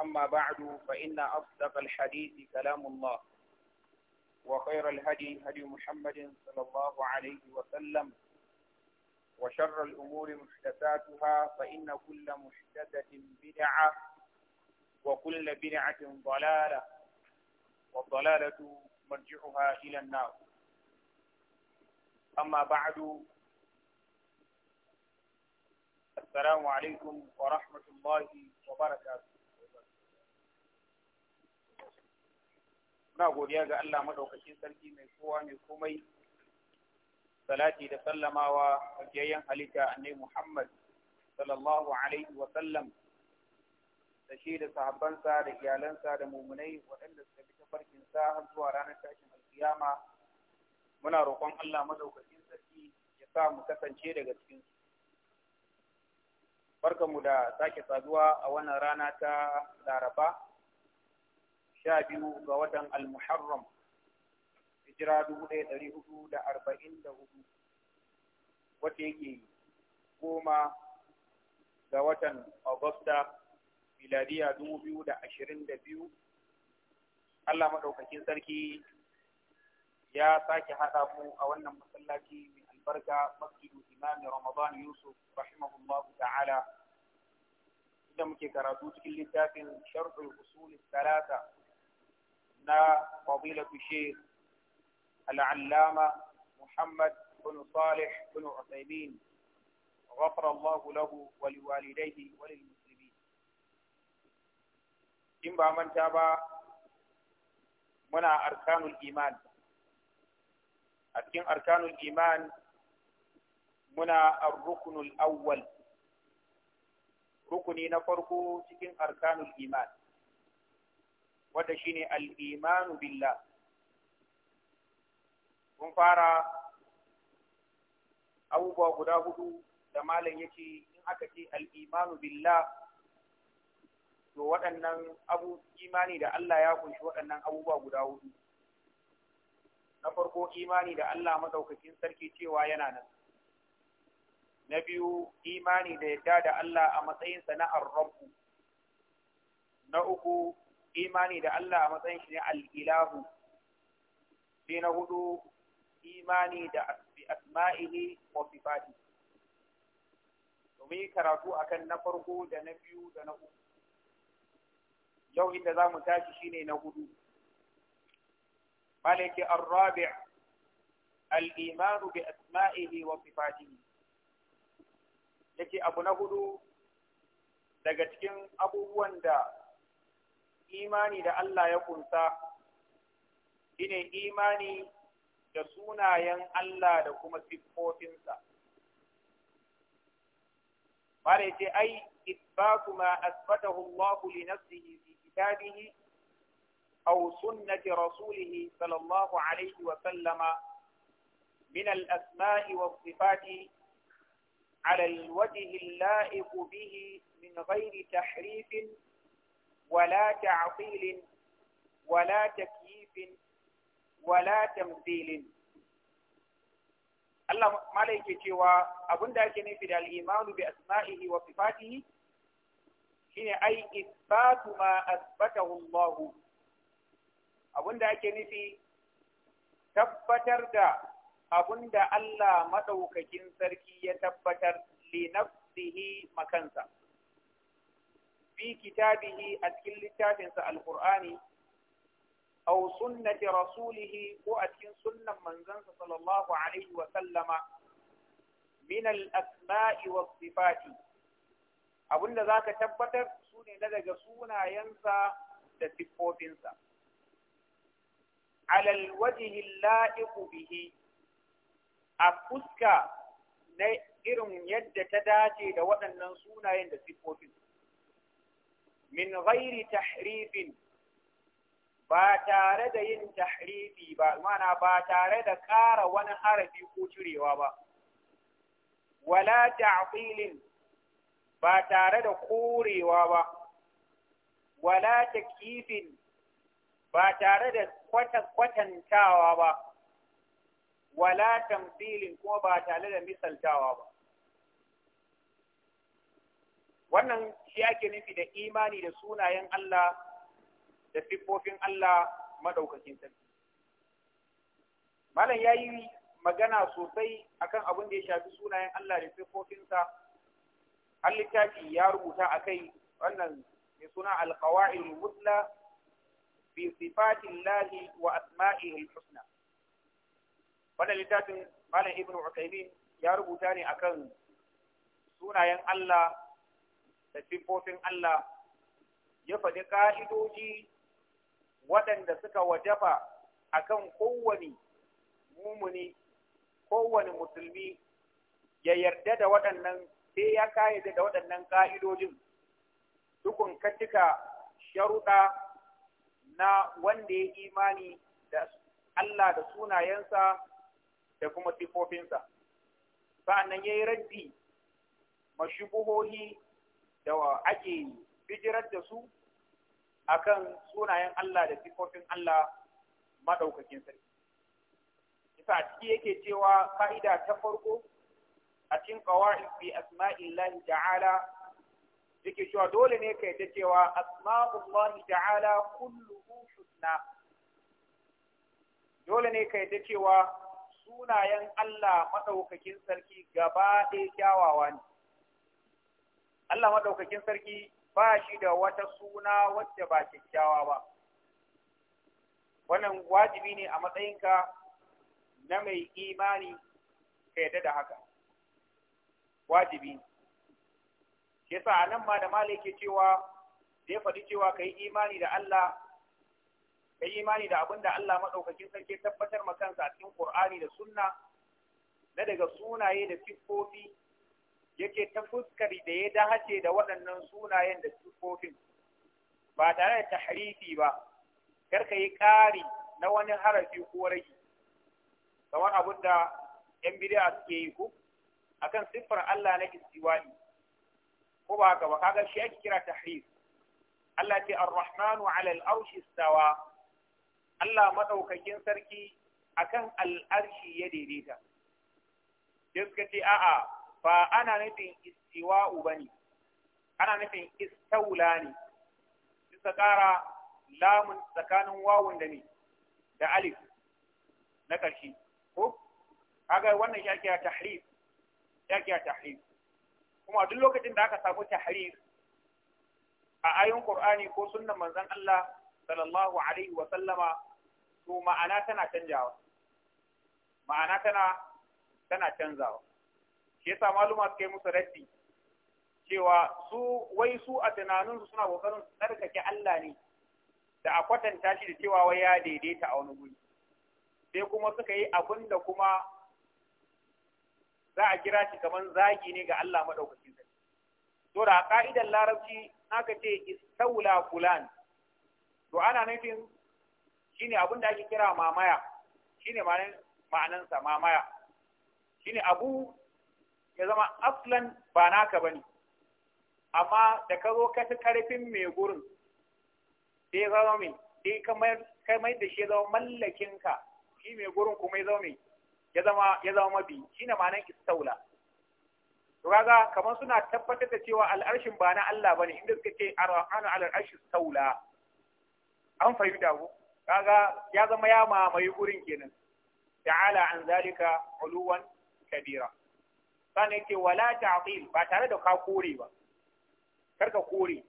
أما بعد فإن أصدق الحديث كلام الله وخير الهدي هدي محمد صلى الله عليه وسلم وشر الأمور محدثاتها فإن كل محدثة بدعة وكل بدعة ضلالة والضلالة مرجعها إلى النار أما بعد السلام عليكم ورحمة الله وبركاته Muna godiya ga Allah maɗaukakin sarki mai kowa mai komai, salati da sallamawa a gajiyayyen halitta annai Muhammad sallallahu alaihi wa sallam da shi da sahabbansa da iyalansa da mumunai waɗanda suka tafarkin tafarkinsa har zuwa ranar tashin alkiyama muna roƙon Allah maɗaukacin sarki ya sa mu kasance daga cikin su barkanmu da sake saduwa a wannan rana ta Laraba sha biyu ga watan al hijira dubu ɗaya ɗari hudu da arba'in da hudu wata yake goma ga watan agusta miladiya dubu biyu da ashirin da biyu Allah maɗaukakin sarki ya sake haɗa mu a wannan masallaci mai albarka masjidu imami ramadan yusuf rahimahullahu ta'ala Da muke karatu cikin littafin sharhul usul talata أثناء فضيلة الشيخ العلامة محمد بن صالح بن عثيمين غفر الله له ولوالديه وللمسلمين إن من تابع منع أركان الإيمان أركان أركان الإيمان منع الركن الأول ركن نفرق سكن أركان الإيمان wanda shi ne al’imanu billah kun fara abubuwa guda hudu da malam ce in aka ce al’imanu imanu billah to waɗannan abu imani da Allah ya kunshi waɗannan abubuwa guda hudu na farko imani da Allah madaukakin sarki cewa yana nan na biyu imani da yadda da Allah a matsayinsa na arrabu na uku imani da Allah a matsayin shi ne al'ilahu sai na hudu imani da asma'ihi wa sifati domin karatu akan na farko da na biyu da na uku yau inda za mu tashi shine na hudu malaki arrabi' al-iman bi asma'ihi wa sifatihi yake abu na hudu daga cikin abubuwan da imani da Allah ya kunsa shine imani da sunayen Allah da kuma siffofinsa. Mare ce, ai, isbatu ma asbatahu Allah li nafsihi fi kitabihi aw sunnati rasulih sallallahu alaihi wa sallama min al-asma'i wa sifati على الوجه اللائق به من غير تحريف ولا تعطيل ولا تكييف ولا تمثيل Allah malaike cewa abin da ake nufi da al'imanu bi asma'ihi wa sifatihi shine ai isbatu ma asbatahu Allah abin da ake nufi tabbatar da abin da Allah madaukakin sarki ya tabbatar li nafsihi makansa fi kitabihi a cikin littafinsa alkur'ani aw sunnati rasulihi ko a cikin sunnan manzansa sallallahu alaihi wa sallama min al-asma'i was sifati abinda zaka tabbatar sune na daga sunayensa da siffofinsa ala al-wajhi bihi a fuska na irin yadda ta dace da waɗannan sunayen da siffofin min ghairi tahrifin ba tare da yin tahrifi ba mana ba tare da ƙara wani harafi ko cirewa ba wala ta'qilin ba tare da korewa ba wala takifin ba tare da kwatantawa ba wala tamthilin kuma ba tare da misaltawa ba wannan shi ake nufi da imani da sunayen Allah da siffofin Allah madaukakin sarki malam yayi magana sosai akan abin da ya shafi sunayen Allah da siffofinsa har littafi ya rubuta akai wannan mai suna alqawaid musla fi sifatillahi wa asma'ihi husna wannan littafin malam ibnu utaymin ya rubuta ne akan sunayen Allah da siffofin Allah ya faɗi ƙa'idoji waɗanda suka wajaba a kan kowane mumuni, kowane musulmi ya yarda da waɗannan sai ya kayyade da waɗannan ƙa'idojin dukun katika sharuɗa na wanda ya imani da Allah da sunayensa da kuma sifofinsa. nan ya yi raddi mashubuhohi da ake bijirar da su akan sunayen Allah da sifofin Allah maɗaukakin sarki isa a ciki yake cewa ka'ida ta farko a cikin qawa'id fi asma'illahi ta'ala yake cewa dole ne ka yadda cewa asma'ullahi ta'ala kullum husna dole ne ka yadda cewa sunayen Allah maɗaukakin sarki gaba ɗaya kyawawa ne Allah madaukakin sarki ba shi da wata suna wacce ba kyakkyawa ba wannan wajibi ne a matsayinka na mai imani ka yadda da haka wajibi shi anan ma da malike cewa zai faɗi cewa ka yi imani da Allah ka imani da abin Allah maɗaukakin sarki tabbatar ma kansa a cikin Qur'ani da Sunna na daga sunaye da siffofi yake ta fuskari da ya dace da waɗannan sunayen da kofin. ba tare da tahrifi ba kar ka yi ƙari na wani harafi ko rage kamar abin da yan bid'a suke yi ko akan siffar Allah na istiwa'i ko ba haka ba kaga shi ake kira tahrif Allah ce ar-rahmanu 'ala al-arsh Allah maɗaukakin sarki akan al-arshi ya daidaita sai suka ce a'a ba ana nufin istiwa'u ba ne ana nufin istaula ne bisa ƙara lamun tsakanin wawun da ne da alif na ƙarshe ko kaga wannan shi ake tahrif yake a tahrif kuma duk lokacin da aka samu tahrif a ayin qur'ani ko sunnan manzon Allah sallallahu alaihi wa sallama to ma'ana tana canjawa ma'ana tana tana canzawa shi yasa maluma suka yi musu raddi cewa su wai su a tunaninsu suna kokarin su tsarkake Allah ne da a kwatanta shi da cewa wai ya daidaita a wani guri sai kuma suka yi abin da kuma za a kira shi kamar zagi ne ga Allah madaukakin sarki to da ka'idar larabci aka ce istaula fulan to ana nufin shine abin da ake kira mamaya shine ma'anan ma'anansa mamaya shine abu ya zama aslan ba naka bane amma da ka zo ka fi karfin mai gurin sai ya zama mai sai ka mai da shi ya zama mallakinka shi mai gurin kuma ya zama mai ya zama ya zama mabi shine ma'anar istaula to kaga kamar suna tabbatar da cewa al'arshin ba na Allah bane inda suka ce ana alal arshi istaula an fahimta ko kaga ya zama ya mamaye gurin kenan ta'ala an zalika uluwan kabira sannan yake wala ta'til ba tare da ka kore ba kar ka kore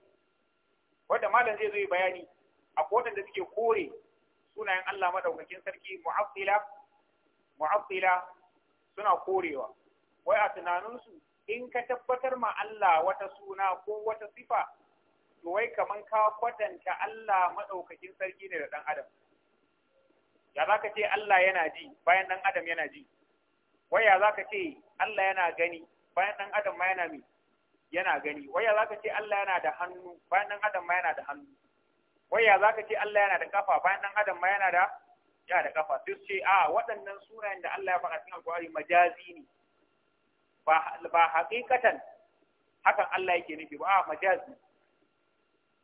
wanda malam zai zo bayani akwai wanda suke kore sunayen Allah madaukakin sarki mu'attila mu'attila suna korewa wai a tunanin su in ka tabbatar ma Allah wata suna ko wata sifa to wai kaman ka kwatanta Allah madaukakin sarki ne da dan adam ya za ce Allah yana ji bayan ɗan adam yana ji waya za ka ce Allah yana gani bayan ɗan adam ma yana mi yana gani waya zaka ce Allah yana da hannu bayan ɗan adam ma yana da hannu waya zaka ce Allah yana da kafa bayan ɗan adam ma yana da ya da kafa duk ce a ah, waɗannan sunayen da Allah ya faɗa cikin alƙur'ani majazi ne ba ba haƙiƙatan hakan Allah yake nufi ba a ah, majazi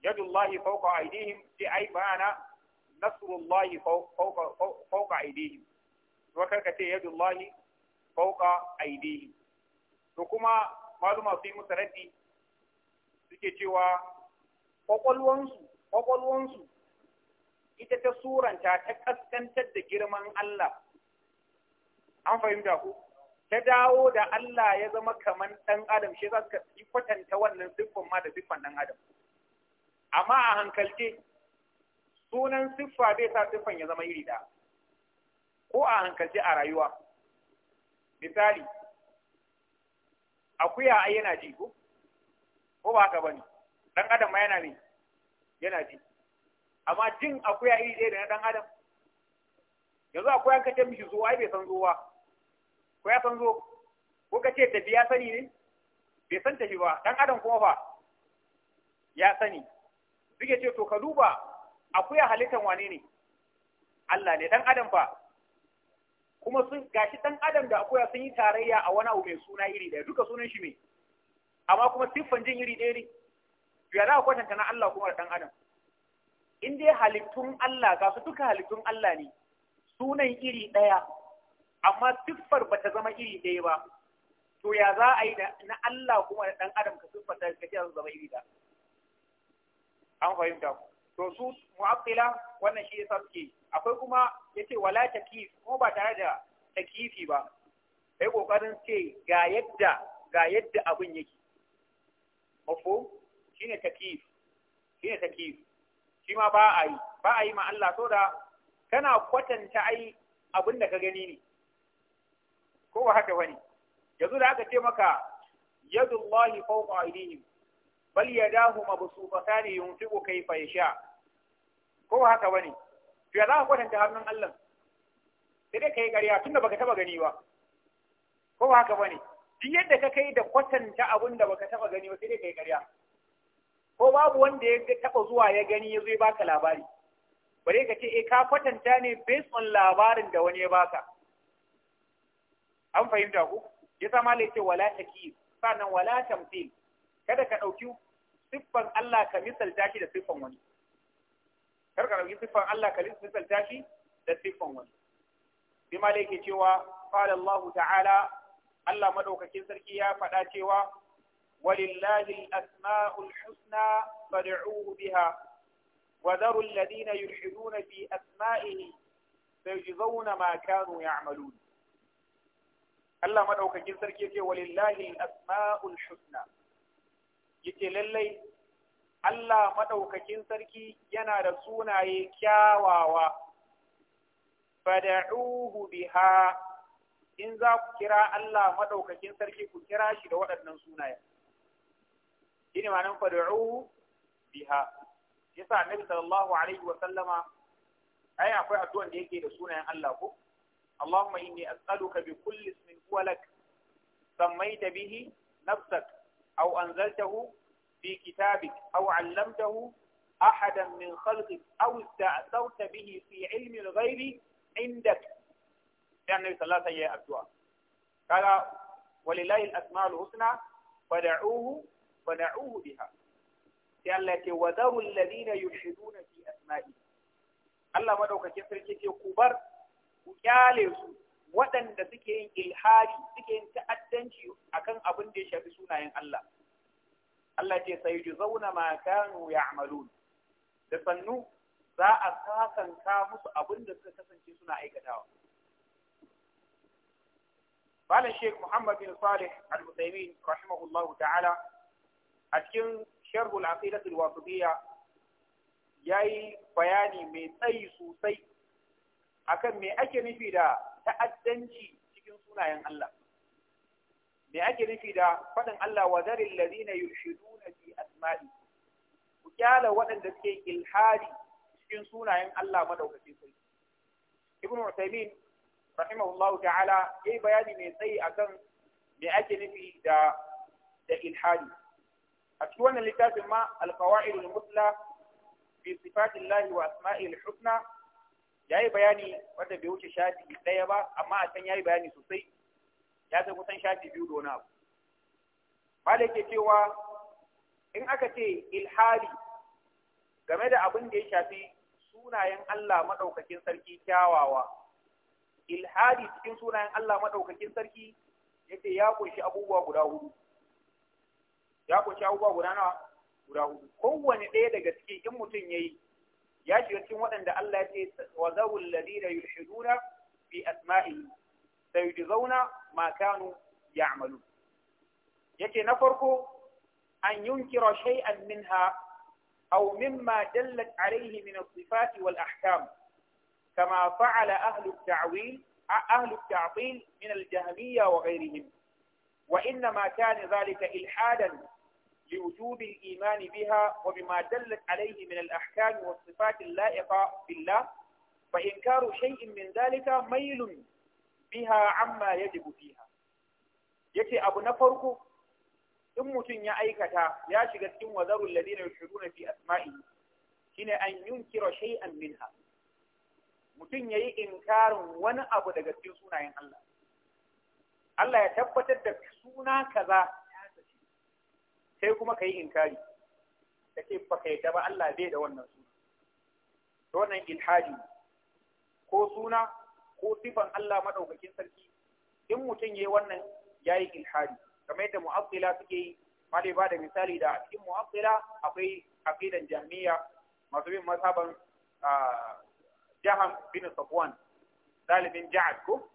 yadu yadullahi fawqa aydihim sai ai bana nasrullahi fawqa fawqa aydihim to karka ce yadu yadullahi فوق aidihi to kuma maluma su yi musu raddi suke cewa kwakwalwansu ita ta suranta ta kaskantar da girman Allah an fahimta ku ta dawo da Allah ya zama kaman ɗan adam shi za ka yi kwatanta wannan siffan ma da siffan ɗan adam amma a hankalce sunan siffa bai sa siffan ya zama iri da ko a hankalce a rayuwa misali akuya ai yana ji ko ko ba haka bane dan adam ma yana ne yana ji amma jin akuya iri ɗaya da na dan adam yanzu akuya ka ce mishi zuwa ai bai san zuwa ko ya san zo ko ka ce tafiya sani ne bai san tafi ba dan adam kuma fa ya sani suke ce to ka duba akuya halittan wane ne Allah ne dan adam fa kuma sun gashi dan adam da akuya sun yi tarayya a wani abu mai suna iri ɗaya duka sunan shi ne amma kuma siffan jin iri ɗaya ne to ya za ku kwatanta na Allah kuma da dan adam in dai halittun Allah ga su duka halittun Allah ne sunan iri ɗaya amma siffar bata zama iri ɗaya ba to ya za a yi na Allah kuma da dan adam ka siffar ta kace zama iri ɗaya an fahimta ku to su mu'attila wannan shi yasa suke akwai kuma yace wala takif kuma ba tare da takifi ba sai kokarin ce ga yadda ga yadda abin yake mafhum shine takif shine takif shi ma ba a yi ba a yi ma Allah so da kana kwatanta ai abin da ka gani ne ko ba haka bane yanzu da aka ce maka yadullahi fawqa aydihim bal yadahu mabsutatani yunfiqu kayfa yasha ko haka bane to ya za ka kwatanta hannun Allah sai dai kai ƙarya tunda baka taba gani ba ko haka bane duk yadda ka kai da kwatanta abin da baka taba gani ba sai dai kai ƙarya ko babu wanda ya taba zuwa ya gani ya zo ya baka labari bare ka ce eh ka kwatanta ne based on labarin da wani ya baka an fahimta ku yasa malai ce wala takif sannan wala tamthil kada ka ɗauki siffan Allah ka misalta shi da siffan wani kar ka ɗauki siffan Allah ka misalta shi da siffan wani bi ma yake cewa qala ta'ala Allah maɗaukakin sarki ya faɗa cewa walillahi asmaul husna fad'uhu biha wa dharu alladhina yulhiduna fi asma'ihi sayujzauna ma kanu ya'malun Allah maɗaukakin sarki yake walillahi asmaul husna yace lallai Allah madaukakin sarki yana da sunaye kyawawa fad'uhu biha in za ku kira Allah madaukakin sarki ku kira shi da waɗannan sunayen shine ma'anar fad'uhu biha yasa annabi sallallahu alaihi wa sallama ai akwai addu'an da yake da sunayen Allah ko Allahumma inni as'aluka bi kulli ismin huwa lak sammaita bihi nafsak أنزلته في كتابك أو علمته أحدا من خلقك أو استأثرت به في علم الغيب عندك يعني صلى الله عليه وسلم قال ولله الأسماء الحسنى فدعوه فدعوه بها التي وذروا الذين يلحدون في أسمائه Allah madaukakin sarki ce ku bar ku kyale su waɗanda suke yin ilhadi suke yin ta'addanci akan abin da ya shafi sunayen Allah Allah ce sai zauna ma kanu amalu. da sannu za a kasanka musu abun da suka kasance suna aikatawa Malam Sheikh Muhammad bin Salih Al-Uthaymeen rahimahullahu ta'ala a cikin Sharh al-Aqidah al-Wasitiyya yayi bayani mai tsayi sosai akan me ake nufi da ta'addanci cikin sunayen Allah me ake nufi da faɗin Allah wa zarin ladina yushiduna fi asma'i ku kyala waɗanda suke ilhadi cikin sunayen Allah madaukaki sai Ibn Uthaymeen rahimahullahu ta'ala yayi bayani mai tsayi akan me ake nufi da da ilhadi a cikin wannan littafin ma al-qawaid al-musla fi sifatillahi wa asma'il husna yayi bayani wanda bai wuce shafi ɗaya ba amma a can yayi bayani sosai ya sai kusan shafi biyu da wani abu malik ke cewa in aka ce ilhari game da abin da ya shafi sunayen Allah maɗaukakin sarki kyawawa ilhari cikin sunayen Allah maɗaukakin sarki ce ya kunshi abubuwa guda hudu ya kunshi abubuwa guda nawa guda hudu kowane ɗaya daga cikin in mutum yi ya shiga cikin waɗanda Allah ya ce wa zawul ladina yulhiduna fi asma'i zauna. ما كانوا يعملون يكي نفركو أن ينكر شيئا منها أو مما دلت عليه من الصفات والأحكام كما فعل أهل التعويل أهل التعطيل من الجهمية وغيرهم وإنما كان ذلك إلحادا لوجوب الإيمان بها وبما دلت عليه من الأحكام والصفات اللائقة بالله فإنكار شيء من ذلك ميل biha amma yajibu fiha yace abu na farko in mutum ya aikata ya shiga cikin wazarul ladina yushuruna fi asma'i shine an yunkira shay'an minha mutum yayi inkarin wani abu daga cikin sunayen Allah Allah ya tabbatar da suna kaza sai kuma kai inkari kace ba kai ba Allah bai da wannan suna to wannan ilhadi ko suna ko sifan Allah madaukakin sarki in mutum yayi wannan yayi ilhadi kamar yadda mu'attila suke yi mali ba da misali da cikin mu'attila akwai aqidan jahmiya masu bin mazhaban jaham bin safwan dalibin ja'ad ko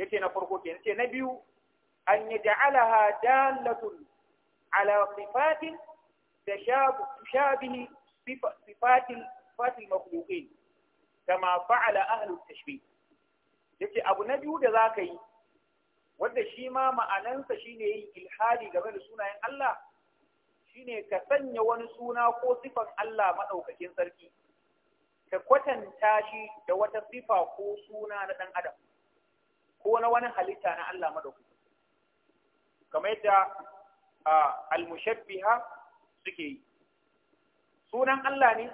yake na farko ke yace na biyu an yaj'alaha dalatun ala sifatin تشابه صفات صفات المخلوقين كما فعل أهل التشبيه yace abu na biyu da zaka yi wanda shi ma ma'anansa shine yin ilhadi game da sunayen Allah ne ka sanya wani suna ko sifan Allah maɗaukakin sarki ka kwatanta shi da wata sifa ko suna na dan adam ko na wani halitta na Allah madaukakin kamar yadda al-mushabbiha suke yi sunan Allah ne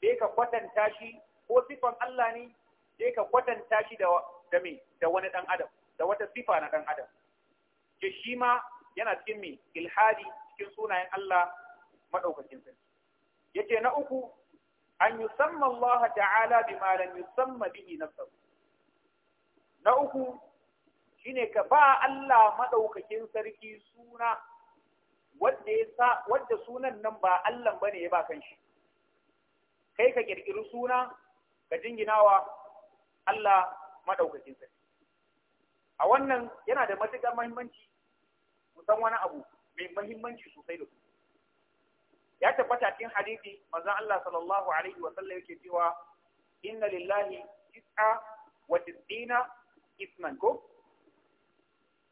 sai ka kwatanta shi ko sifan Allah ne sai ka kwatanta shi da da me da wani dan adam da wata sifa na dan adam ke shi ma yana cikin me ilhadi cikin sunayen Allah madaukakin sa yace na uku an yusamma Allah ta'ala bima lam yusamma bihi nafsuhu na uku shine ka ba Allah madaukakin sarki suna wanda yasa wanda sunan nan ba Allah bane ya ba kanshi kai ka kirkiri suna ka jinginawa Allah madaukakin sarki a wannan yana da matuƙar muhimmanci mu san wani abu mai muhimmanci sosai da sosai ya tabbata cikin hadisi manzon Allah sallallahu alaihi wa sallam yake cewa inna lillahi tis'a wa tis'ina isman ko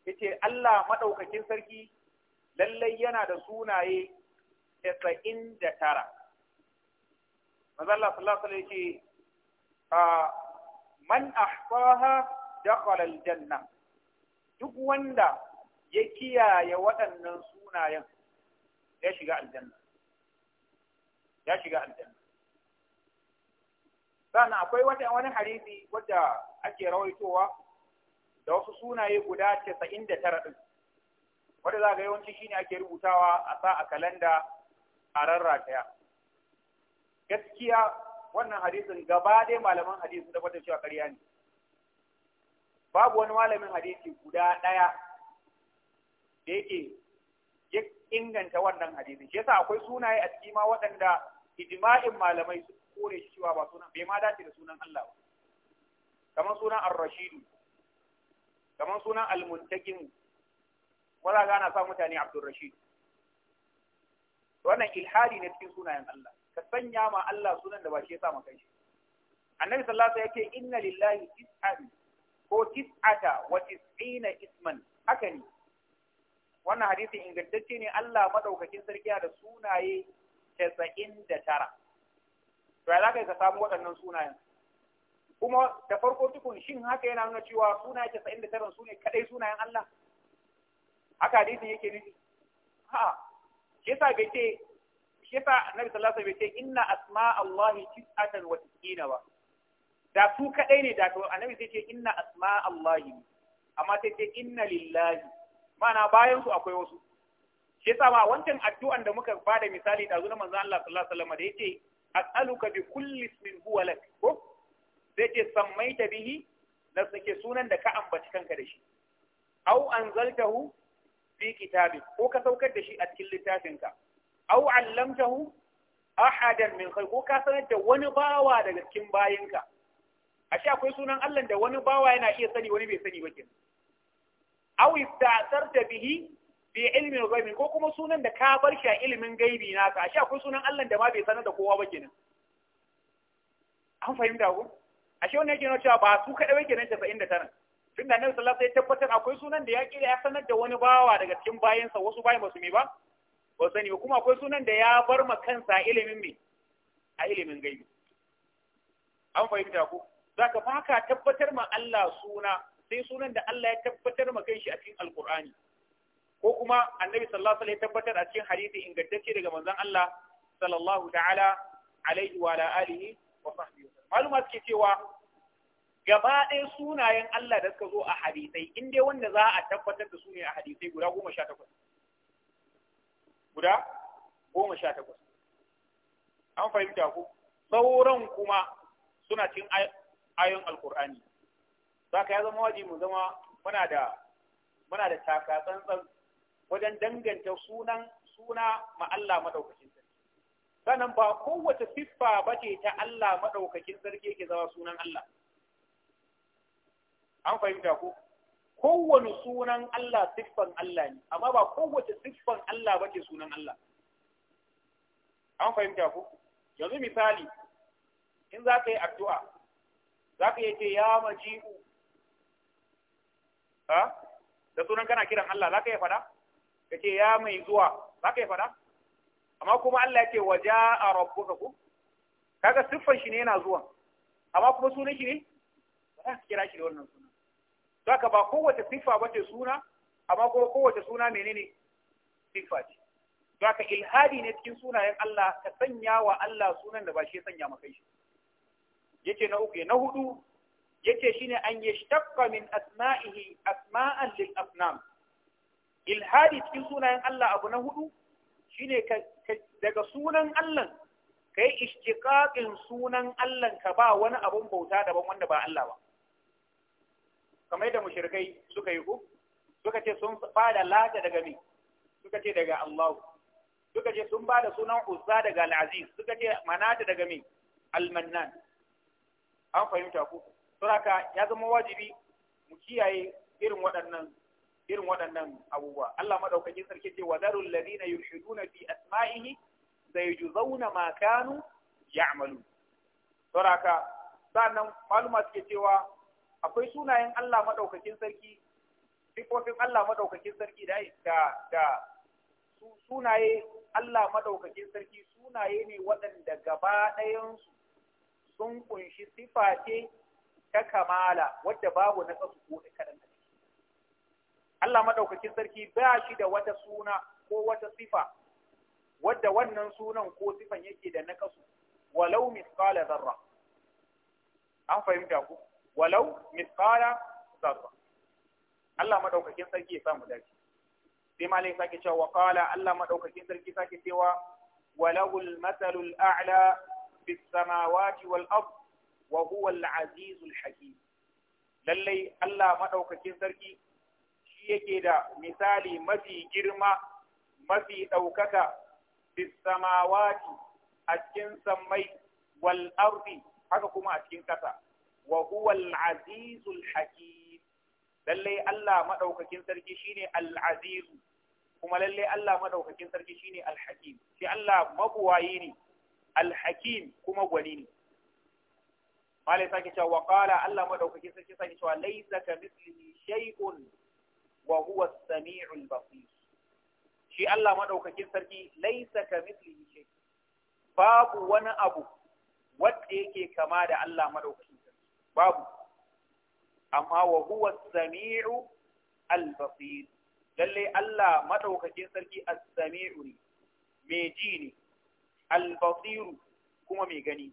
yace Allah madaukakin sarki lallai yana da sunaye 99 manzon Allah sallallahu alaihi wa sallam yake ah, man ahsaha dakhala aljanna duk wanda ya kiyaye waɗannan sunayen ya shiga aljanna ya shiga aljanna sannan akwai wata wani hadisi wadda ake rawaitowa da wasu sunaye guda 99 din wanda za ga yawanci shine ake rubutawa a sa a kalanda a rarrataya gaskiya wannan hadisin gaba dai malaman hadisi da fata cewa ƙarya ne babu wani malamin hadisi guda ɗaya da yake ya inganta wannan hadisi shi yasa akwai sunaye a cikin ma waɗanda ijma'in malamai su kore shi cewa ba sunan bai ma dace da sunan Allah ba kamar sunan ar-rashidu kamar sunan al muntakim wala gana sa mutane Abdul rashid wannan ilhadi ne cikin sunayen Allah ka sanya ma Allah sunan da ba shi ya sa maka shi annabi sallallahu alaihi wasallam yake inna lillahi tis'an ko tis'ata wa tis'ina isman haka ne wannan hadisi ingantacce ne Allah madaukakin sarki da sunaye 99 to ya zaka ka samu waɗannan sunayen kuma da farko tukun shin haka yana nuna cewa sunaye 99 sune kadai sunayen Allah haka hadisin yake nufi ha yasa bai ce yasa annabi sallallahu alaihi wasallam ya ce inna asma tis'atan wa tis'ina ba da su kadai ne da annabi sai ce inna Asma'allahi allahi amma sai ce inna lillahi mana bayan su akwai wasu shi yasa ma wancan addu'an da muka ba da misali da zuwa manzon Allah sallallahu alaihi wasallam da yake as'aluka bi kulli ismin huwa lak ko sai ce sammaita bihi da suke sunan da ka ambaci kanka da shi au anzaltahu fi kitabik ko ka saukar da shi a cikin littafinka aw allamtahu ahadan min khalqi ko ka sanar da wani bawa daga cikin bayinka ashe akwai sunan Allah da wani bawa yana iya sani wani bai sani ba ke aw ista'sarta bihi bi ilmi ghaibi ko kuma sunan da ka bar shi a ilimin gaibi naka ashe akwai sunan Allah da ma bai sanar da kowa ba ke nan? an fahimta ko ashe wannan yake nuna cewa ba su kadai ba da 99 tunda Annabi sallallahu alaihi wasallam ya tabbatar akwai sunan da ya kira ya sanar da wani bawa daga cikin bayinsa wasu bayin ba su me ba ba sani ba kuma akwai sunan da ya bar ma kansa ilimin me a ilimin gaibi an fahimta ko zaka ba ka tabbatar ma Allah suna sai sunan da Allah ya tabbatar ma kanshi a cikin alkur'ani ko kuma annabi sallallahu alaihi ya tabbatar a cikin hadisi ingantacce daga manzon Allah sallallahu ta'ala alaihi wa ala alihi wa sahbihi maluma suke cewa gaba ɗaya sunayen Allah da suka zo a hadisai in dai wanda za a tabbatar da su ne a hadisai guda goma sha takwas guda goma sha takwas an fahimta ku sauran kuma suna cin ayon alkur'ani za ka ya zama waje mu zama muna da da taka tsantsan wajen danganta sunan suna ma Allah madaukakin sarki sannan ba kowace siffa ba ce ta Allah maɗaukacin sarki yake zama sunan Allah an fahimta ku kowane sunan Allah siffan Allah ne amma ba kowace siffan Allah ba ke sunan Allah an fahimta ku yanzu misali in za ka yi addu'a za ka yi ce ya maji'u ha da sunan kana kiran Allah za ka yi fada ka ce ya mai zuwa za ka yi fada amma kuma Allah yake waje a ka ku kaga siffan shi ne yana zuwa amma kuma sunan shi ne ba za ka kira shi da wannan sunan Zaka ba kowace siffa bace suna, amma kuma kowace suna menene siffa ce. Zaka ilhadi ne cikin sunayen Allah ka sanya wa Allah sunan da ba shi ya sanya maka shi. Yace na uku, na hudu yace shine an yashtaqqa min asma'ihi asma'an lil asnam. Ilhadi cikin sunayen Allah abu na hudu shine daga sunan Allah kai ishtiqaqin sunan Allah ka ba wani abun bauta daban wanda ba Allah ba. kamar yadda mushrikai suka yi ku suka ce sun bada lata daga me suka ce daga Allah suka ce sun bada sunan Uzza daga Al-Aziz suka ce Manata daga mi Al-Mannan an fahimta ku saboda ya zama wajibi mu kiyaye irin waɗannan irin waɗannan abubuwa Allah madaukakin sarki ce wa darul ladina yushiduna fi asma'ihi sayujzauna ma kanu ya'malu saboda sannan maluma suke cewa akwai sunayen Allah madaukakin sarki sifofin Allah madaukakin sarki da da da sunaye Allah madaukakin sarki sunaye ne waɗanda gaba ɗayansu sun kunshi sifa ce ta kamala wadda babu na kasu ko kaɗan da Allah madaukakin sarki ba shi da wata suna ko wata sifa wadda wannan sunan ko sifan yake da kasu walau misqala zarra an fahimta ku walau misqala zarra Allah madaukakin sarki ya samu dace sai malai sake cewa wa qala Allah madaukakin sarki sake cewa walahu al-mathalu al-a'la bis samawati wal ard wa huwa al-aziz al-hakim lalle Allah madaukakin sarki shi yake da misali mafi girma mafi daukaka bis samawati a cikin sammai wal ardi haka kuma a cikin kasa wa huwa al-azizul hakim lalle Allah madaukakin sarki shine al-aziz kuma lalle Allah madaukakin sarki shine al-hakim shi Allah mabuwayi ne al-hakim kuma gwani ne malai sake cewa wa qala Allah madaukakin sarki sake cewa laysa ka mislihi shay'un wa huwa as-sami'ul basir shi Allah madaukakin sarki laysa ka mislihi shay babu wani abu wanda yake kama da Allah madaukakin babu amma wa huwa sami'u al-basir lalle Allah madaukakin sarki as-sami'u ne mai ji ne al-basir kuma me gani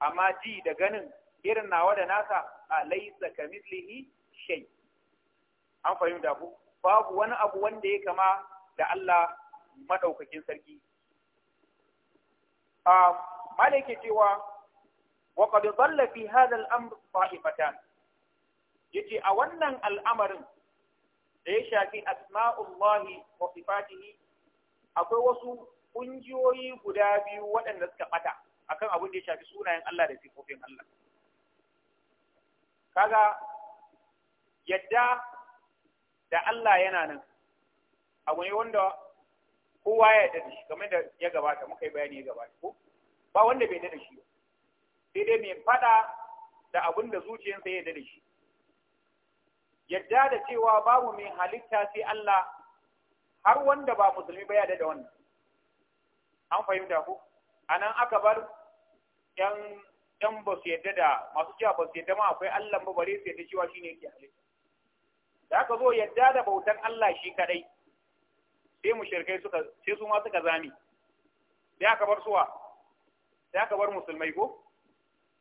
amma ji da ganin irin nawa da nasa a laysa kamithlihi shay an fahimta ku babu wani abu wanda ya kama da Allah madaukakin sarki a ah, malaike cewa wa qad dhalla fi hadha al-amr ta'ifatan a wannan al'amarin da ya shafi asma'ullahi wa sifatihi akwai wasu kungiyoyi guda biyu waɗanda suka bata akan abin da ya shafi sunayen Allah da sifofin Allah kaga yadda da Allah yana nan abu ne wanda kowa ya yarda shi game da ya gabata muka yi bayani ya gabata ko ba wanda bai yarda shi ba sai dai mai fada da abin da zuciyarsa ya da shi yadda da cewa babu mai halitta sai Allah har wanda ba musulmi ba ya dade wannan an fahimta ku anan aka bar yan dan ba su yadda da masu cewa ba su yadda ma akwai Allah ba bare su yadda cewa shine yake halitta da aka zo yadda da bautan Allah shi kadai sai mushrikai suka sai su ma suka zame sai aka bar suwa sai aka bar musulmai ko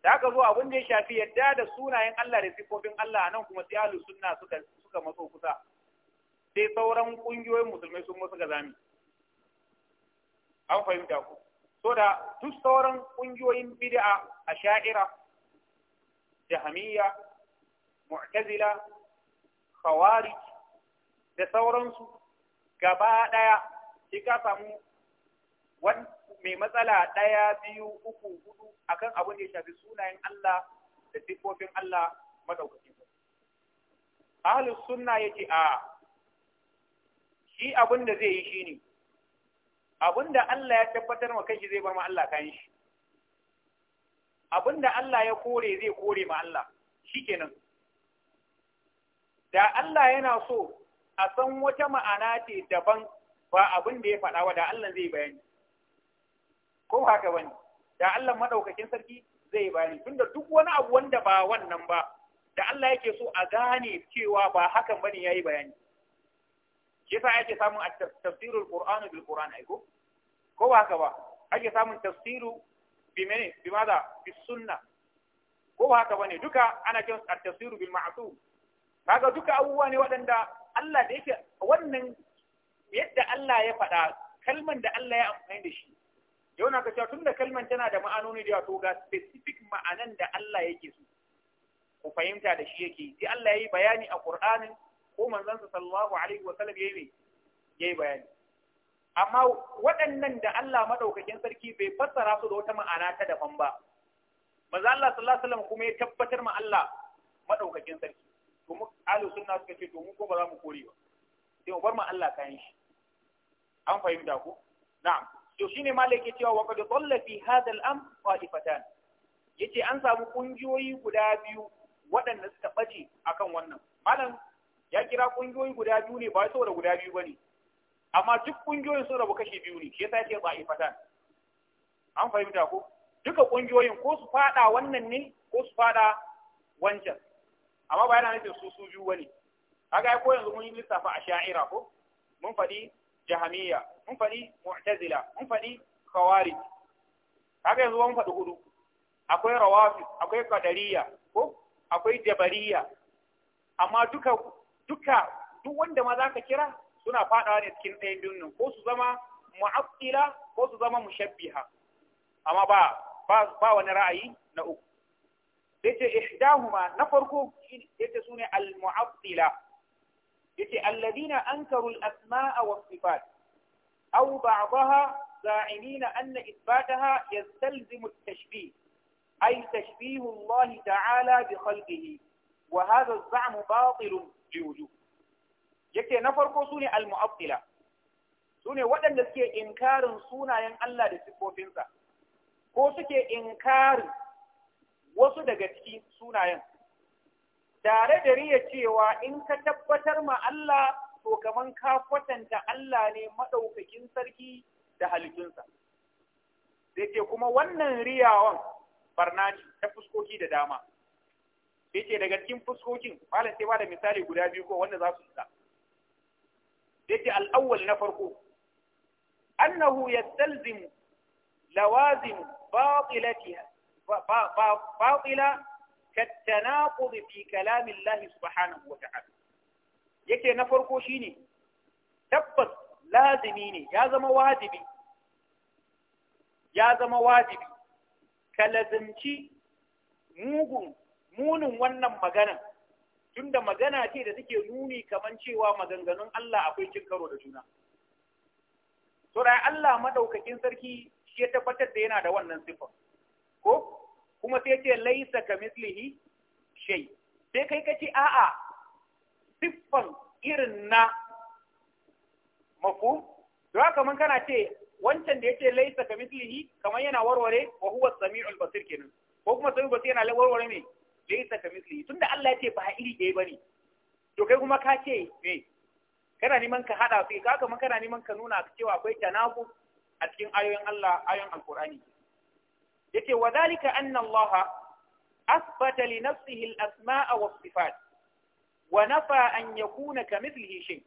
da aka zo abin da ya shafi yadda da sunayen Allah da sifofin Allah nan kuma sai alu sunna suka suka kusa sai sauran kungiyoyin musulmai sun musu gazami an fahimta ku so da duk sauran kungiyoyin bid'a Shaira, jahamiyya mu'tazila khawarij da sauransu gaba daya sai ka samu mai matsala ɗaya biyu uku hudu akan abin da ya shafi sunayen Allah da siffofin Allah madaukakin suna sunna ce a shi abin da zai yi shine abin da Allah ya tabbatar wa kanshi zai bar ma Allah kan shi abin da Allah ya kore zai kore ma Allah shikenan da Allah yana so a san wata ma'ana ce daban ba abin da ya faɗa wa da Allah zai bayani ko ba haka bane da Allah madaukakin sarki zai bani tunda duk wani abu wanda ba wannan ba da Allah yake so a gane cewa ba hakan bane yayi bayani shi yasa ake samun tafsirul qur'an bil qur'an aiko ko ba haka ba ake samun tafsiru bi mene bi maza bi sunna ko ba haka bane duka ana kiran at-tafsiru bil ma'sum kaga duka abubuwa ne waɗanda Allah da yake wannan yadda Allah ya faɗa kalman da Allah ya amfani da shi yau na ka cewa tun da kalman tana da ma'anoni da yato ga specific ma'anan da Allah yake su ku fahimta da shi yake sai Allah yayi bayani a Qur'anin ko manzansa sallallahu alaihi wa sallam yayi yayi bayani amma waɗannan da Allah madaukakin sarki bai fassara su da wata ma'ana ta daban ba Maza Allah sallallahu alaihi wasallam kuma ya tabbatar ma Allah madaukakin sarki to mu sunna suka ce to mu ko ba za mu kore ba sai mu bar ma Allah kayan shi an fahimta ku na'am to shine malai ke cewa wa qad dalla fi hada al-am qalifatan yace an samu kungiyoyi guda biyu waɗanda suka bace akan wannan malam ya kira kungiyoyi guda biyu ne ba da guda biyu bane amma duk kungiyoyin sun rabu kashi biyu ne shi yasa yake qalifatan an fahimta ko duka kungiyoyin ko su fada wannan ne ko su fada wancan amma ba yana nufin su su biyu bane kaga ko yanzu mun yi lissafa a sha'ira ko mun faɗi jahamiyya mun faɗi mu'tazila mun faɗi khawarij kaga yanzu mun faɗi hudu akwai rawafi akwai qadariya ko akwai jabariya amma duka duka duk wanda ma zaka kira suna fadawa ne cikin ɗayan dunnin ko su zama mu'attila ko su zama mushabbiha amma ba ba, ba wani ra'ayi na uku yace ihdahuma na farko yace sune al-mu'attila yace alladhina ankaru al-asma'a was-sifat أو بعضها زاعمين أن إثباتها يستلزم التشبيه أي تشبيه الله تعالى بخلقه وهذا الزعم باطل بوجوه yake na farko su ne al su ne waɗanda suke inkarin sunayen Allah da siffofinsa ko suke inkarin wasu daga cikin sunayen tare da riya cewa in ka tabbatar ma Allah to kaman ka kwatanta Allah ne maɗaukakin sarki da halittunsa. Sai ce kuma wannan riyawan barna ce ta fuskoki da dama. Sai ce daga cikin fuskokin, malam sai ba da misali guda biyu ko wanda za su isa. Sai ce al'awwal na farko, annahu yastalzimu lawazim batilatiha باطلة fi kalamin كلام subhanahu wa ta'ala. yake na farko shine tabbas lazimi ne ya zama wajibi ya zama wajibi ka lazimci mugun munin wannan magana tunda magana ce da take nuni kaman cewa maganganun Allah akwai cin karo da juna sura Allah maɗaukakin sarki shi ya tabbatar da yana da wannan sifa ko kuma sai ce laisa ka mislihi shay sai kai kace a'a siffan irin na mafu to haka mun kana ce wancan da yake laisa ka mislihi kamar yana warware wa huwa sami'ul basir kenan ko kuma sami'ul basir yana warware ne laisa ka mislihi tunda Allah ya ce ba iri ɗaya bane to kai kuma ka ce me kana neman ka hada su ka kuma kana neman ka nuna cewa akwai tanaku a cikin ayoyin Allah ayoyin alqur'ani yake wa zalika anna Allah asbata li nafsihi al-asma'a was sifat wa nafa an yakuna kamithlihi shay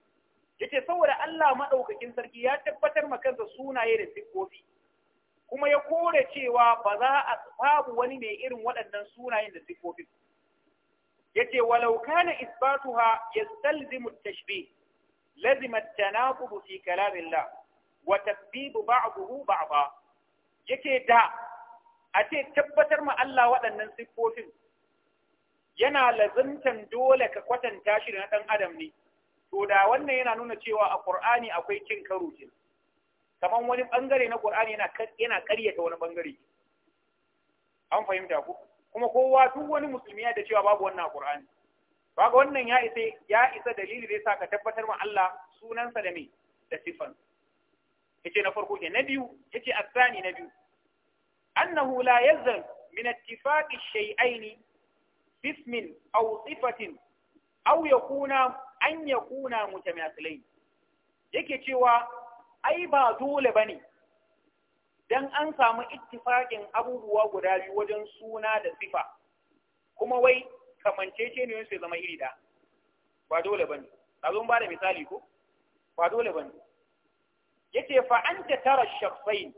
yace saboda Allah madaukakin sarki ya tabbatar ma kansa sunaye da sifofi kuma ya kore cewa ba za a babu wani mai irin waɗannan sunayen da sifofin yace walau kana isbatuha yastalzimu at-tashbih lazima at-tanaqub fi kalamillah wa tathbib ba'dahu ba'dha yace da a ce tabbatar ma Allah waɗannan siffofin yana lazimtan dole ka kwatanta shi da na ɗan adam ne to da wannan yana nuna cewa a ƙur'ani akwai kin karo ce, kaman wani bangare na Qur'ani yana yana ƙaryata wani bangare an fahimta ku kuma kowa duk wani musulmi ya da cewa babu wannan Qur'ani Baga wannan ya isa ya isa dalili da yasa ka tabbatar ma Allah sunansa da me da sifan yace na farko ke na biyu yace asani na biyu annahu la yazal min ittifaqi shay'aini باسم أو صفة أو يكون أن يكون متماثلين yake cewa ai ba dole bane dan an samu ittifakin abubuwa guda biyu wajen suna da sifa kuma wai kamancece ne su zama iri da ba dole bane azon ba da misali ko ba dole bane yace fa anta tara shakhsayn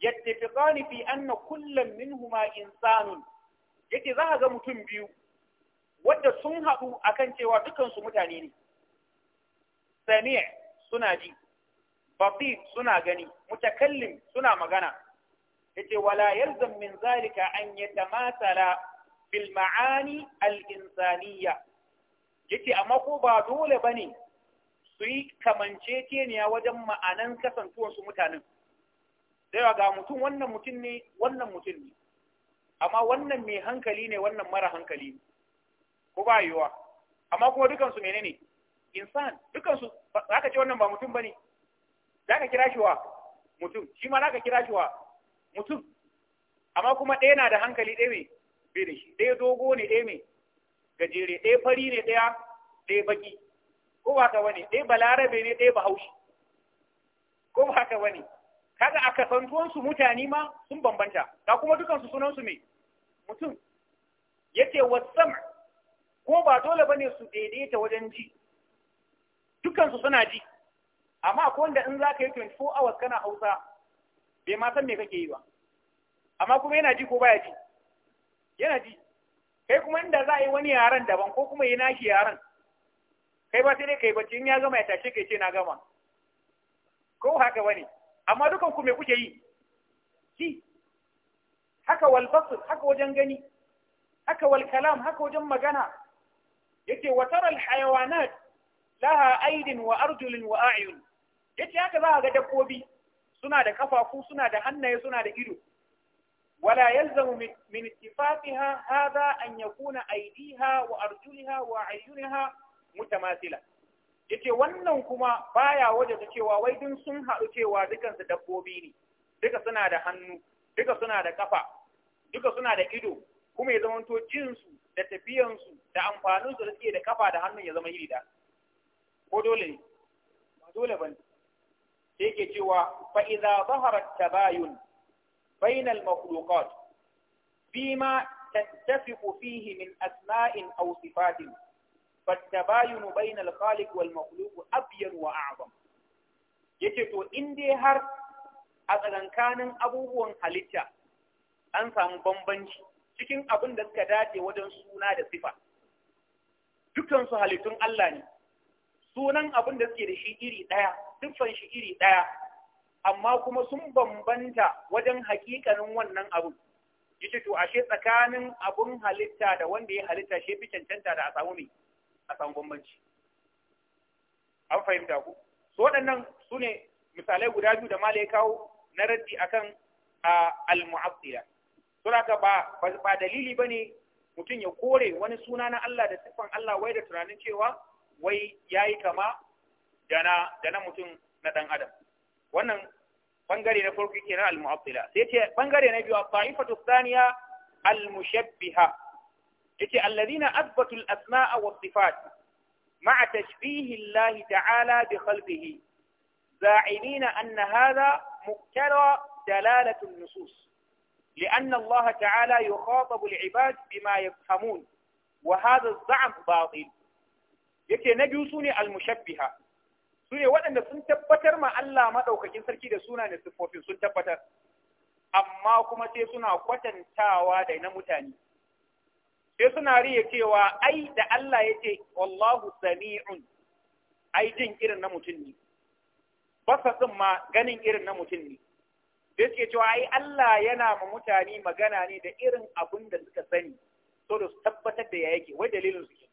yattafiqan fi anna kullam minhuma insanun yake za a ga mutum biyu wadda sun haɗu akan cewa dukansu mutane ne sami' suna ji basir suna gani mutakallim suna magana yace wala yalzam min zalika an yatamathala bil ma'ani al'insaniya? Ya ce amma ko ba dole ba ne su yi kamanceceniya wajen ma'anan kasantuwansu mutanen da ga mutum wannan mutum ne wannan mutum ne amma wannan mai hankali ne wannan mara hankali ko ba yiwa amma kuma dukansu menene insan dukansu za ka ce wannan ba mutum ba ne za ka kira shi wa mutum shi ma za ka kira shi wa mutum amma kuma ɗaya na da hankali ɗaya mai bai da shi ɗaya dogo ne ɗaya mai gajere ɗaya fari ne ɗaya ɗaya baki ko ba ka wani ɗaya balarabe ne ɗaya bahaushe ko ba ka wani kaga a kasantuwansu mutane ma sun bambanta ga kuma dukansu sunansu mai mutum yake wasam ko ba dole bane su daidaita wajen ji dukan su suna ji amma akwai wanda in zaka yi 24 hours kana Hausa bai ma san me kake yi ba amma kuma yana ji ko baya ji yana ji kai kuma inda za a yi wani yaran daban ko kuma yi nashi yaran kai ba sai dai kai bacci in ya gama ya tashi kai ce na gama ko haka bane amma dukan ku me kuke yi ki haka wal basir haka wajen gani haka wal kalam haka wajen magana yake wa tara al hayawanat laha aydin wa arjulin wa a'yun yace haka za ga dabbobi suna da kafafu suna da hannaye suna da ido wala ولا يلزم من اتفاقها هذا أن يكون أيديها وأرجلها وعيونها متماثلة yake wannan kuma baya waje ta cewa wai dun sun haɗu cewa dukansu dabbobi ne duka suna da hannu duka suna da kafa duka suna da ido kuma ya zamanto jinsu da tafiyansu da amfaninsu da suke da kafa da hannun ya zama iri da ko dole ne ba dole ba ne yake cewa fa idza zahara tabayun bainal makhluqat bima tattafiqu fihi min asma'in aw sifatin فالتباين بين الخالق والمخلوق أبين وأعظم yace to in dai har a tsakankanin abubuwan halitta an samu bambanci cikin abin da suka dace wajen suna da sifa dukansu halittun Allah ne sunan abin da suke da shi iri ɗaya siffan shi iri ɗaya amma kuma sun bambanta wajen hakikanin wannan abin yace to ashe tsakanin abun halitta da wanda ya halitta shi fi cancanta da a samu mai a samu bambanci an fahimta ku so waɗannan su ne misalai guda biyu da mala ya kawo na raddi akan al-mu'attila Suraka ba ba dalili ba ne mutum ya kore wani suna na Allah da siffan Allah wai da tunanin cewa wai ya yi kama da na mutum na dan adam. Wannan ɓangare na farko kenan al-mu'attila. Sai ce ɓangare na biyu a taifatu saniya al-mushabbiha. Yace alladhina athbatu al-asma'a was-sifat ma'a tashbihi Allah ta'ala bi khalqihi. زاعمين أن هذا مقترى دلالة nusus. لأن الله تعالى يخاطب العباد بما يفهمون وهذا الزعم باطل yake na biyu sune al-mushabbiha sune waɗanda sun tabbatar ma Allah maɗaukakin sarki da suna da siffofin sun tabbatar amma kuma sai suna kwatantawa da na mutane sai suna riya cewa ai da Allah yake wallahu sami'un ai jin irin na mutum ne basa ma ganin irin na mutum ne da suke cewa ai Allah yana ma mutane magana ne da irin abun da suka sani so da su tabbatar da ya yake wai dalilin su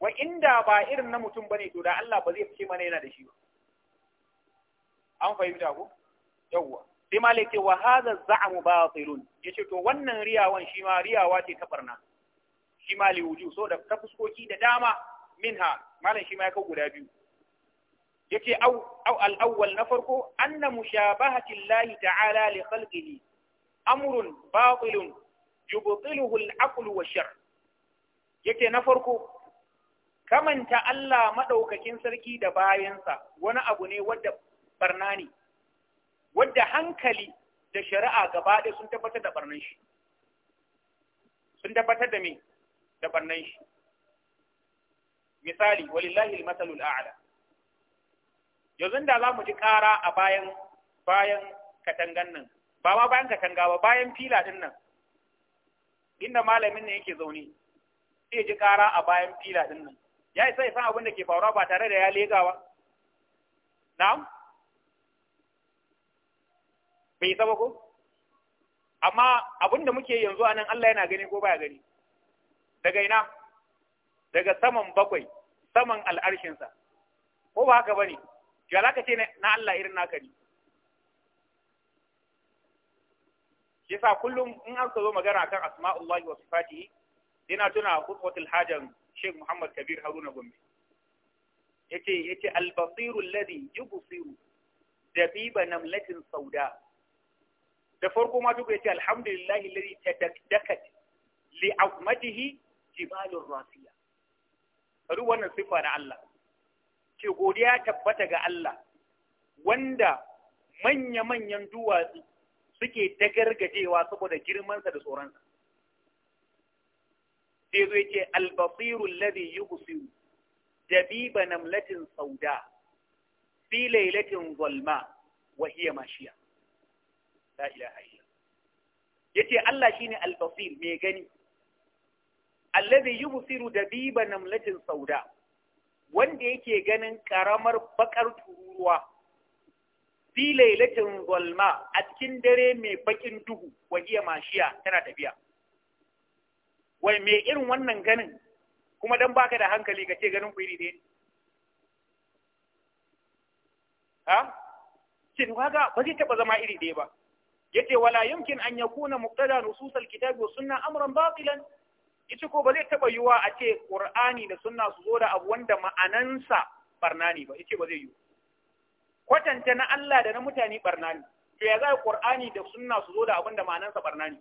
wa inda ba irin na mutum bane to da Allah ba zai fice mana yana da shi ba an fahimta ko yawwa sai malai ce wa hadha za'mu batilun yace to wannan riyawan shi ma riyawa ce ta barna shi ma liwuju so da ta fuskoki da dama minha malam shi ma ya kawo guda biyu yace au al'awwal na farko anna mushabahati Allah ta'ala li khalqihi amrun batilun yubtiluhu al-aql wa shar yake na farko kamanta Allah madaukakin sarki da bayansa wani abu ne wadda barna ne wanda hankali da shari'a gaba ɗaya sun tabbatar da barnan shi sun tabbatar da me da barnan shi misali walillahi al-masalul a'la yanzu da za mu ji ƙara a bayan bayan katangan nan ba ma bayan katanga ba bayan fila din nan inda malamin ne yake zaune sai ji ƙara a bayan fila din nan ya isa ya san abin da ke faruwa ba tare da ya lega ba na'am bai isa ba ko amma abin da muke yanzu anan Allah yana gani ko baya gani daga ina daga saman bakwai saman al'arshinsa ko ba haka bane ya za ce na Allah irin naka ne shi sa kullum in an zo magana kan asma'ullahi wa sifatihi ina tuna khutbatul hajan Sheikh Muhammad Kabir Haruna Gombe yace yace al-basiru alladhi yubsiru dabiba namlatin sauda da farko ma duk yace alhamdulillahi alladhi tadakkat li azmatihi jibalur rasiya bari wannan sifa na Allah ce godiya tabbata ga Allah wanda manya-manyan duwatsu suke dagargajewa saboda girmansa da tsoronsa. Sai zai ce, albasirun ladi yi gusiru, dabiba namlatin sauda, fi lailatin zolma wa iya mashiya. La ilaha illa. Yace Allah shi ne albasir mai gani. Alladhi ba dabiba namlatin sauda. wanda yake ganin karamar bakar tururuwa fi lailatin zalma a cikin dare mai bakin duhu wa iya mashiya tana tafiya wai mai irin wannan ganin kuma dan baka da hankali ka ce ganin ku iri ɗaya ha shin waga ba zai taba zama iri ɗaya ba yace wala yumkin an yakuna muqtada nusus alkitabi wa sunna amran batilan ita ko ba zai taba yiwa a ce ƙur'ani da suna su zo da abu wanda ma'anansa barna ne ba ita ba zai yiwu kwatanta na Allah da na mutane barna ne to ya za ƙur'ani da suna su zo da abin da ma'anansa barna ne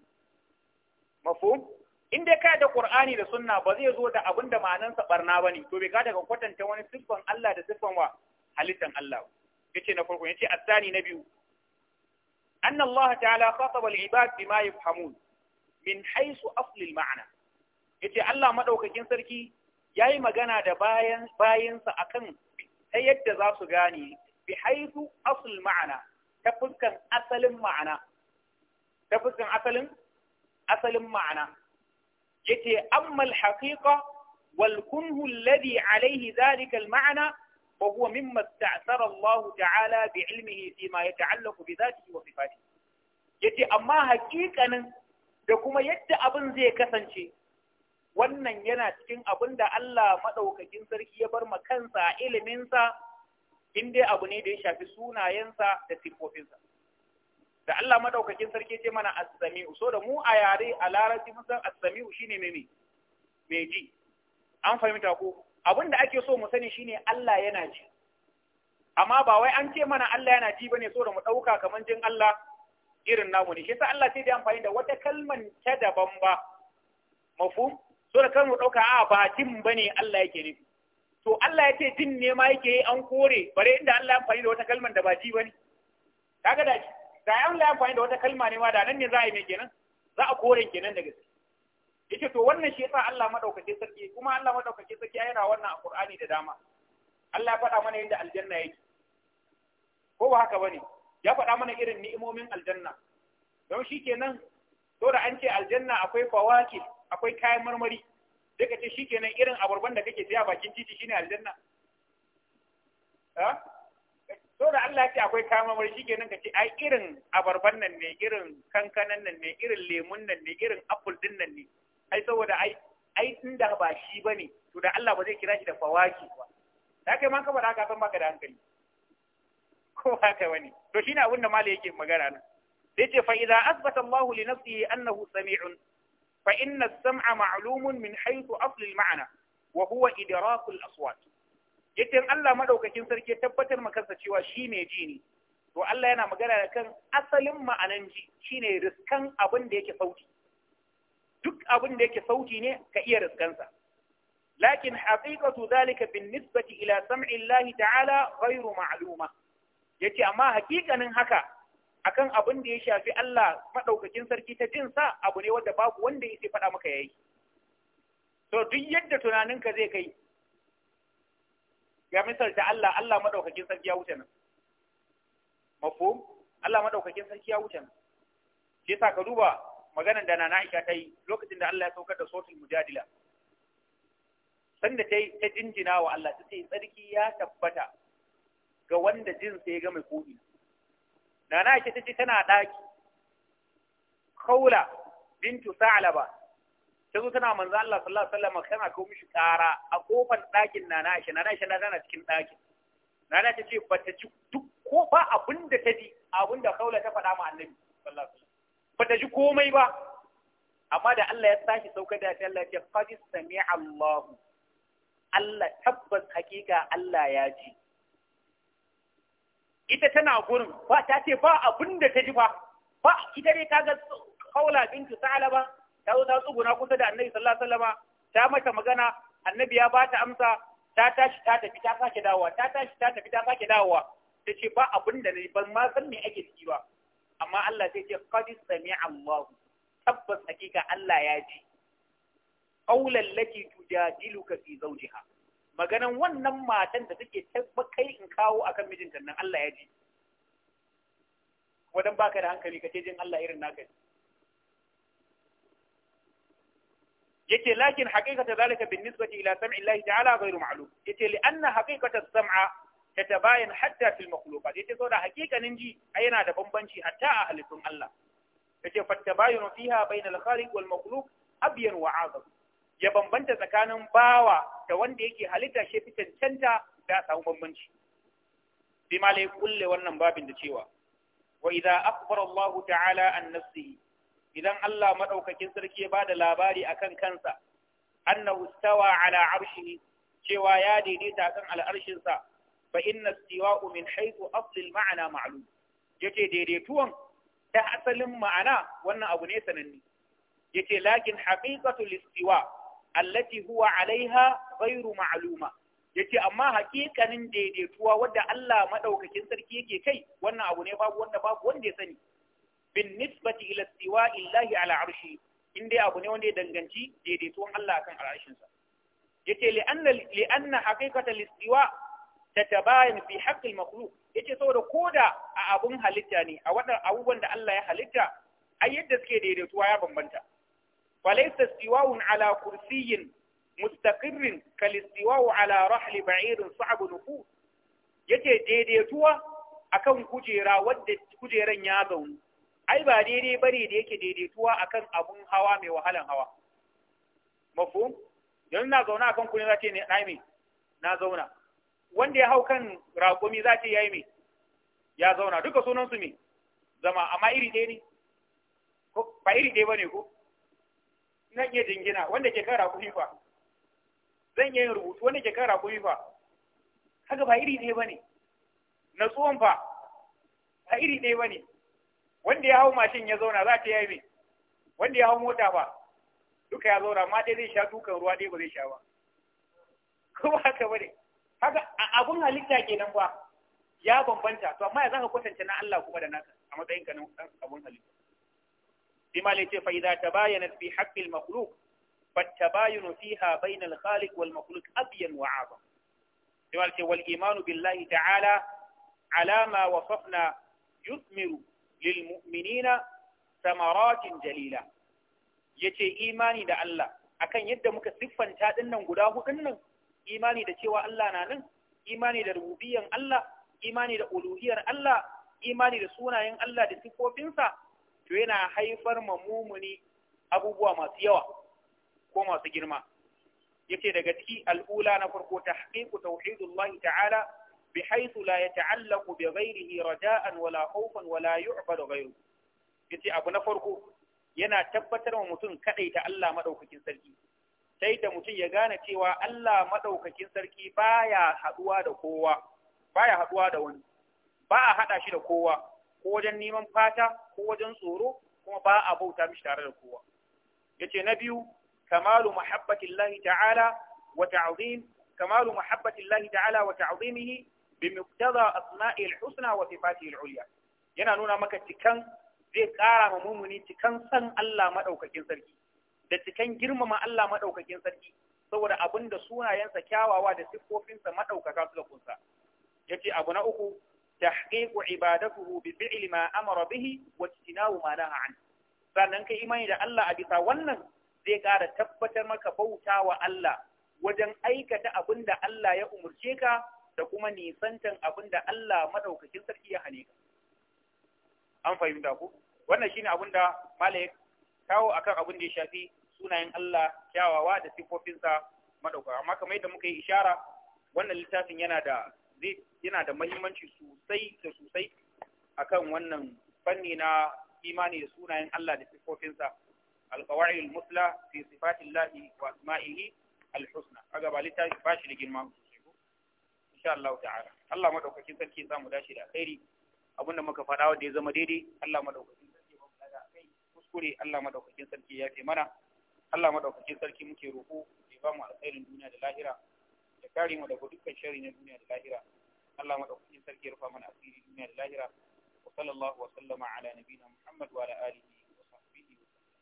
mafhum in dai kai da ƙur'ani da suna ba zai zo da abin da ma'anansa barna ne? to bai ka daga kwatanta wani siffan Allah da siffan wa halittan Allah yace na farko ya yace asani na biyu anna Allah ta'ala khataba al-ibad bima yafhamun min haisu asl ma'ana. yace Allah madaukakin sarki yayi magana da bayan bayansa akan ta yadda za su gane bi haythu asl ma'ana ta fuskan asalin ma'ana ta fuskan asalin asalin ma'ana yace amma al-haqiqa wal kunhu alladhi alayhi dhalika al-ma'na fa huwa mimma ista'sara Allah ta'ala bi ilmihi fi ma yata'allaqu bi dhatihi wa sifatihi yace amma haƙiƙanin da kuma yadda abin zai kasance wannan yana cikin abin da Allah maɗaukakin sarki ya bar kansa iliminsa in dai abu ne da ya shafi sunayensa da siffofinsa. Da Allah maɗaukakin sarki ce mana assami'u, so da mu a yare a larabci mun san assami'u shine mene mai ji. An fahimta ko abin da ake so mu sani shine Allah yana ji. Amma ba wai an ce mana Allah yana ji bane so da mu ɗauka kamar jin Allah irin namu ne. Shi sa Allah sai da amfani da wata kalman ta daban ba. Mafhum? so da kan mu ɗauka a ba jin ba ne Allah yake nufi to Allah ya ce jin ne ma yake yi an kore bare inda Allah ya amfani da wata kalmar da ba ji ba ne kaga da da Allah ya amfani da wata kalma ne ma da nan ne za a yi mai kenan za a kore kenan da gaske yace to wannan shi yasa Allah madaukake sarki kuma Allah madaukake sarki ya yana wannan a Qur'ani da dama Allah ya faɗa mana yadda aljanna yake ko ba haka bane ya faɗa mana irin ni'imomin aljanna don shi kenan to da an ce aljanna akwai fawakil akwai kayan marmari daga ce shi kenan irin abarban da kake siya bakin titi shine aljanna ha so da Allah ce akwai kayan marmari shi ka ce ai irin abarban nan ne irin kankanan nan ne irin lemun nan ne irin apple din nan ne ai saboda ai ai inda ba shi bane to da Allah ba zai kira shi da fawaki ba da kai ma ka faɗa ka san baka da hankali ko haka wani to shine abin da malai yake magana nan sai ce fa idza asbata Allah li nafsihi annahu sami'un fa inna sam'a ma'lumun min haythu asl al-ma'na wa huwa idrak Allah madaukakin sarki tabbatar makansa cewa shi ne ji ne to Allah yana magana da kan asalin ma'anan ji shine riskan abin da yake sauti duk abin da yake sauti ne ka iya riskansa lakin haqiqatu zalika bin nisbati ila sam'i Allah ta'ala ghayru ma'luma yace amma hakikanin haka akan abin da ya shafi Allah madaukakin sarki ta jin sa abu ne wanda babu wanda ya yake faɗa maka yayi to duk yadda tunaninka zai kai ya misalta Allah Allah madaukakin sarki ya wuce nan mafhum Allah madaukakin sarki ya wuce nan shi yasa ka duba maganar da Nana Aisha ta yi lokacin da Allah ya saukar da sotul mujadila sanda ta ta jinjina wa Allah ta ce tsarki ya tabbata ga wanda jin ya ga mai ko'ina da na ake ta ce tana ɗaki kaula bintu sa'laba ta zo tana manzo Allah sallallahu alaihi wasallam kana kawo mishi ƙara a kofar ɗakin na na shi na na shi na tana cikin ɗakin na na ta ce ba ta ci duk ko ba abin da ta ji abin da kaula ta faɗa ma annabi sallallahu alaihi wasallam ba ta ji komai ba amma da Allah ya tashi saukar da ta Allah ya ce qad sami'a Allah Allah tabbas hakika Allah ya ji ita tana gurin ba ta ce ba abin da ta ji ba ba ita ne kaga kaula bintu salaba ta zo ta tsuguna kusa da annabi sallallahu alaihi wasallama ta mata magana annabi ya bata amsa ta tashi ta tafi ta sake dawowa ta tashi ta tafi ta sake dawowa ta ce ba abin da ne ban ma san me ake ciki ba amma Allah sai ce qad sami'a Allah tabbas hakika Allah ya ji qaulal lati tujadiluka fi zawjiha maganan wannan matan da take tabbakai in kawo akan mijinta nan Allah ya ji wadan baka da hankali kace jin Allah irin naka Yake lakin haqiqatu zalika bin nisbati ila sam'i Allah ta'ala ghayru ma'lum yace li anna haqiqatu as-sam'a tatabayan hatta fil makhluqat yace saboda haqiqanin ji ai yana da bambanci hatta a halittun Allah yace fattabayunu fiha bainal khaliq wal makhluq abyan wa azam ya bambanta tsakanin bawa da wanda yake halitta shi fi cancanta da a samu bambanci sai ma kulle wannan babin da cewa wa idan akhbara Allah ta'ala an nafsihi idan Allah Maɗaukakin sarki ya da labari a kan kansa na stawa ala arshi cewa ya daidaita kan al'arshinsa, sa fa inna istiwa'u min haythu asl al daidaituwan ta asalin ma'ana wannan abu ne sananne yake lakin haqiqatul istiwa' allati huwa alaiha ghairu ma'luma yace amma hakikanin daidaituwa wadda Allah madaukakin sarki yake kai wannan abu ne babu wanda babu wanda ya sani bin nisbati ila istiwa illahi ala arshi inda abu ne wanda ya danganci daidaituwan Allah akan arshin sa yace li anna li anna haqiqatal istiwa tatabayan fi haqqil makhluq yace saboda koda a abun halitta ne a wannan abubuwan da Allah ya halitta ai yadda suke daidaituwa ya bambanta فليس استواء على كرسي مستقر كالاستواء على رحل بعير صعب نفوذ yace daidaituwa a kan kujera wadda kujeran ya zaunu ai ba daidai bane da yake daidaituwa a kan abun hawa mai wahalan hawa mafhum yanzu na zauna akan kuni zace ne ai me na zauna wanda ya hau kan raƙumi zace yayi me ya zauna duka sunansu su me zama amma iri ɗaya ne ba iri ɗaya bane ko zan iya jingina wanda ke kara ku fa zan iya yin rubutu wanda ke kara ku fa haka ba iri ɗaya bane tsohon fa ba iri ɗaya bane wanda ya hau mashin ya zauna za ta yi mai wanda ya hau mota ba duka ya zauna ma ɗaya zai sha dukan ruwa ɗaya ba zai sha ba ko haka bane haka abun halitta kenan ba ya bambanta to amma ya zaka kwatanta na Allah kuma da naka a matsayin ka na abun halitta bima la ce fa idza tabayanat fi haqqil makhluq فالتباين فيها بين الخالق والمخلوق أبين وأعظم والإيمان بالله تعالى على ما وصفنا يثمر للمؤمنين ثمرات جليلة yace imani da Allah akan yadda muka siffanta dinnan guda hudun nan imani da cewa Allah na nan imani da rububiyan Allah imani da uluhiyar Allah imani da sunayen Allah da sifofinsa to yana haifar ma mumuni abubuwa masu yawa ko masu girma yace daga ciki al'ula na farko tahqiqu tauhidullahi ta'ala بحيث لا يتعلق بغيره رجاء ولا خوفا ولا يعبد غيره yace abu na farko yana tabbatar wa mutum ta Allah madaukakin sarki sai da mutum ya gane cewa Allah madaukakin sarki baya haduwa da kowa baya haduwa da wani ba a hada shi da kowa ko wajen neman fata ko wajen tsoro kuma ba a bauta mishi tare da kowa yace na biyu kamalu mahabbatillahi ta'ala wa ta'zim kamalu mahabbatillahi ta'ala wa ta'zimihi bi muqtada asma'i al-husna wa sifatihi al-ulya yana nuna maka cikan zai kara ma mumuni cikan san Allah madaukakin sarki da cikan girmama Allah madaukakin sarki saboda abinda sunayensa kyawawa da siffofinsa madaukaka suka kunsa yace abu na uku tahqiqu ibadatuhu bi fi'li ma amara bihi wa tinawu ma naha sannan kai imani da Allah a bisa wannan zai kara tabbatar maka bauta wa Allah wajen aikata abin Allah ya umurce ka da kuma nisantan abinda Allah madaukakin sarki ya hane ka an fahimta ku wannan shine abinda Malik kawo akan abin da ya shafi sunayen Allah kyawawa da sifofinsa madauka amma kamar yadda muka yi ishara wannan littafin yana da zai yana da mahimmanci sosai da sosai akan wannan fanni na imani da sunayen Allah da sifofinsa alqawaid almusla fi sifatillahi wa asma'ihi alhusna kaga ba littafi ba shi da girma sosai ko insha Allah ta'ala Allah madaukakin sarki samu dashi da khairi abinda muka faɗa wanda ya zama daidai Allah madaukakin sarki ba mu kai kuskure Allah madaukakin sarki ya ke mana Allah madaukakin sarki muke roƙo ya ba mu alkhairin duniya da lahira kare mu daga dukkan sharri na duniya da lahira Allah madaukakin sarki ya rufa mana asiri duniya da lahira wa sallallahu wa sallama ala nabiyina Muhammad wa ala alihi wa sahbihi wa sallam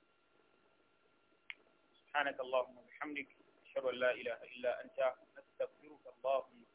subhanaka allahumma bihamdik ashhadu an la ilaha illa anta astaghfiruka allahumma